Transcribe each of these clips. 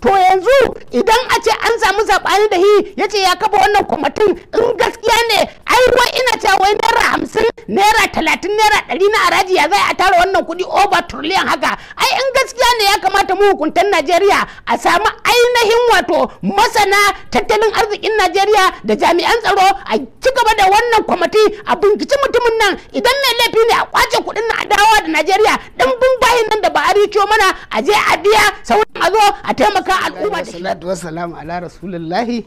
to yanzu idan a ce an samu saɓani da hi ya ce ya kafa wannan kwamitin in gaskiya ne ai wai ina ce wai naira hamsin naira talatin naira ɗari na haraji ya zai a tara wannan kuɗi over trillion haka ai in gaskiya ne ya kamata mu hukuntar najeriya a samu ainihin wato masana tattalin arzikin najeriya da jami'an tsaro a ci gaba da wannan kwamiti a binciki mutumin nan idan mai laifi ne a kwace kuɗin na adawa da najeriya ɗan bin bayin nan da ba a mana a je a biya sauran a zo a taimaka kan al'umma da salatu wassalamu ala rasulillahi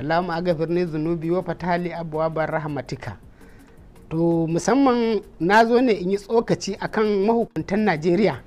allahumma aghfirni dhunubi wa fatali abwabar rahmatika to musamman na zo ne in yi tsokaci akan mahukuntan najeriya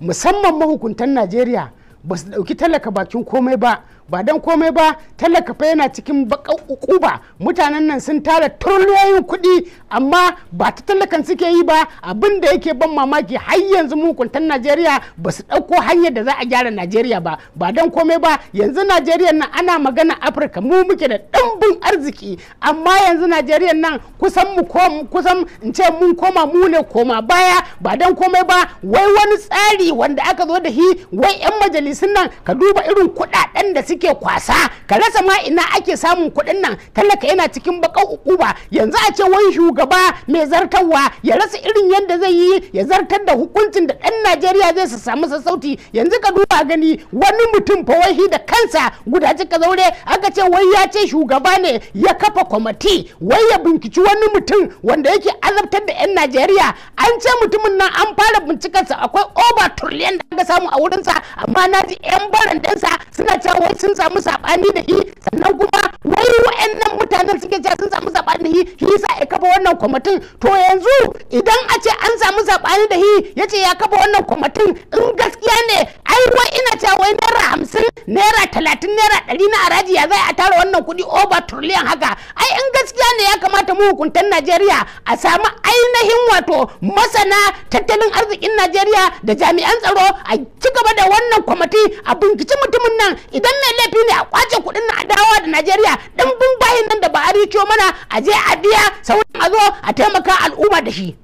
musamman mahukuntan najeriya ba su dauki talaka bakin komai ba ba dan komai ba talaka fa yana cikin baka ukuba mutanen nan sun tara turliyoyin kuɗi amma ba ta talakan suke yi ba abin da yake ban mamaki har yanzu mukuntan Najeriya ba su ɗauko hanyar da za a gyara Najeriya ba ba dan komai ba yanzu Najeriya nan ana magana Afirka mu muke da ɗumbin arziki amma yanzu Najeriya nan kusan mu kusan in ce mun koma mu ne koma baya ba dan komai ba wai wani tsari wanda aka zo da shi wai 'yan majalisun nan ka duba irin kuɗaɗen da suke suke kwasa ka rasa ma ina ake samun kuɗin nan talaka yana cikin bakar ukuba yanzu a ce wani shugaba mai zartarwa ya rasa irin yadda zai yi ya zartar da hukuncin da ɗan najeriya zai su samu sassauci yanzu ka duba gani wani mutum fawahi da kansa guda cika zaure aka ce wai ya ce shugaba ne ya kafa kwamati wai ya binciki wani mutum wanda yake azabtar da 'yan najeriya an ce mutumin nan an fara bincikarsa akwai over trillion da aka samu a wurinsa amma na ji 'yan barandansa suna cewa wai sun samu sabani da shi sannan kuma wai wa'annan mutanen suke cewa sun samu sabani da shi shi yasa ya kafa wannan kwamitin to yanzu idan a ce an samu sabani da shi ya ce ya kafa wannan kwamitin in gaskiya ne ai wai ina cewa wai naira hamsin naira talatin naira ɗari na haraji ya zai a tara wannan kuɗi over trillion haka ai in gaskiya ne ya kamata mu hukuntar Najeriya a samu ainihin wato masana tattalin arzikin Najeriya da jami'an tsaro a ci gaba da wannan kwamiti a binciki mutumin nan idan mai laifi ne a kwace kuɗin na dawo da Najeriya ɗimbin bayin nan da ba a mana a je a biya sauran a zo a taimaka al'umma da shi.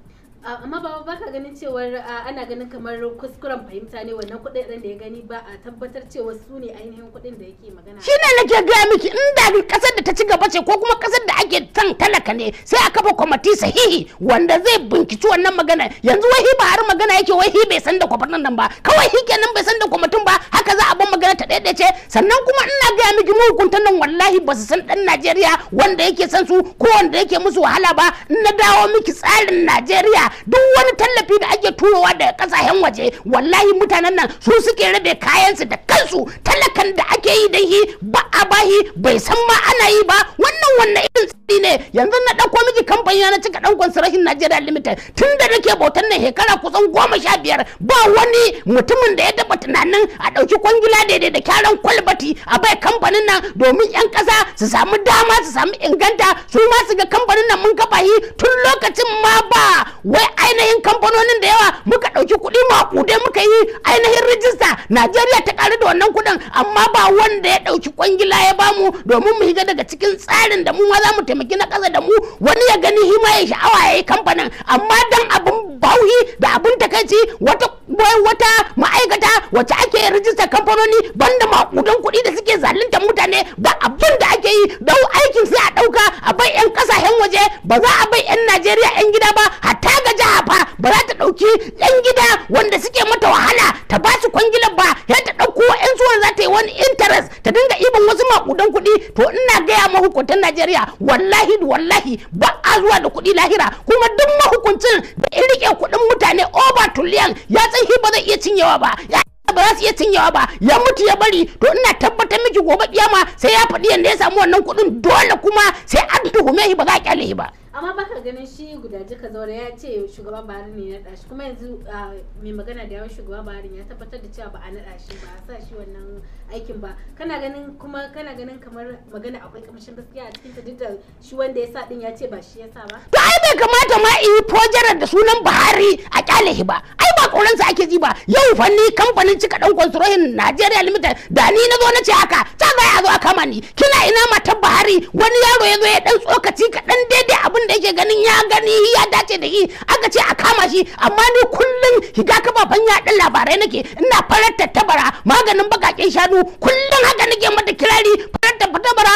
Ah, amma ba ba ka ganin cewar ah, ana ganin kamar kuskuren fahimta ne wannan kudin da ya gani ba a tabbatar cewa su ne ainihin kuɗin da yake magana shi shine nake gaya miki in da kasar da ta ci gaba ce ko kuma kasar da ake son talaka ne sai a kafa kwamati sahihi wanda zai binkici wannan magana yanzu wai ba har magana yake hi bai san da kwamitin nan ba kawai hi kenan bai san da kwamitin ba haka za a bar magana ta ce sannan kuma ina gaya miki mahukuntan nan wallahi ba su san dan Najeriya wanda yake san su ko wanda yake musu wahala ba in na dawo miki tsarin Najeriya duk wani tallafi da ake turowa daga kasashen waje wallahi mutanen nan su suke rabe su da su talakan da ake yi da shi ba a bahi bai san ma ana yi ba wannan wannan irin tsari ne yanzu na ɗauko miji kamfani na cika ɗan conservation najeriya Limited tun da nake bautan nan shekara kusan goma sha biyar ba wani mutumin da ya taɓa tunanin a ɗauki kwangila daidai da kyaran kwalbati a bai kamfanin nan domin 'yan ƙasa su samu dama su samu inganta su ma su ga kamfanin nan mun kafa shi tun lokacin ma ba wai ainihin kamfanonin da yawa muka ɗauki kuɗi maƙudai muka yi ainihin rijista Najeriya ta ƙaru da wannan kuɗin amma ba wanda ya dauki kwangila ya bamu domin mu higa daga cikin tsarin da mu ma za mu taimaki na kasa da mu wani ya gani hima ya sha'awa ya yi kamfanin amma dan abin bauhi da abin takaici wata wata ma'aikata wacce ake rijista kamfanoni banda makudan kuɗi da suke zalunta mutane ba abin da ake yi dau aikin sai a ɗauka a bai 'yan ƙasashen waje ba za a bai 'yan najeriya 'yan gida ba kudan kuɗi to ina gaya mahukuntan najeriya wallahi wallahi ba a zuwa da kuɗi lahira kuma duk mahukuncin da in rike kuɗin mutane over tuliyan ya tsinhi ba zai iya cinyewa ba ba za su iya cinyewa ba ya mutu ya bari to ina tabbatar miki gobe kiyama sai ya faɗi yanda ya samu wannan kuɗin dole kuma sai an tuhume shi ba za a kyale ba amma baka ganin shi ji ka zaura ya ce shugaban baharin ne ya naɗa shi kuma yanzu mai magana da yawan shugaban baharin ya tabbatar da cewa ba a naɗa shi ba a sa shi wannan aikin ba kana ganin kuma kana ganin kamar magana akwai kamshin gaskiya a cikin duk da shi wanda ya sa din ya ce ba shi ya sa ba to ai bai kamata ma yi fojarar da sunan buhari a kyale ba ba sa ake ji ba yau fanni kamfanin cika dan construction Nigeria Limited da ni na zo na ce haka ta ga ya zo a kama ni kina ina matar bahari wani yaro ya zo ya dan tsokaci kaɗan daidai abin da yake ganin ya gani ya dace da yi aka ce a kama shi amma ni kullun higa kafafen dan labarai nake ina farar tattabara maganin bakaƙen shanu kullun haka nake mata kirari farar tattabara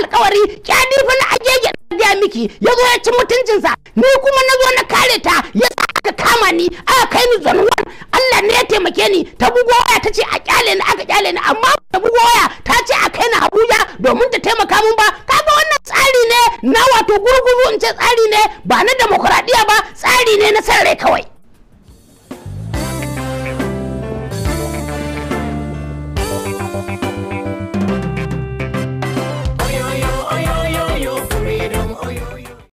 alkawari fa na agege miki yazo zo ya ci mutuncinsa ni kuma na zo na kare ta ya aka kama ni aka kai ni zone Allah ne ya taimake ni ta bugo waya ta ce a kyale ni aka kyale ni amma ta bugo waya ta ce a kai ni Abuja domin ta taimaka mun ba kaga wannan tsari ne na wato gurguru in ce tsari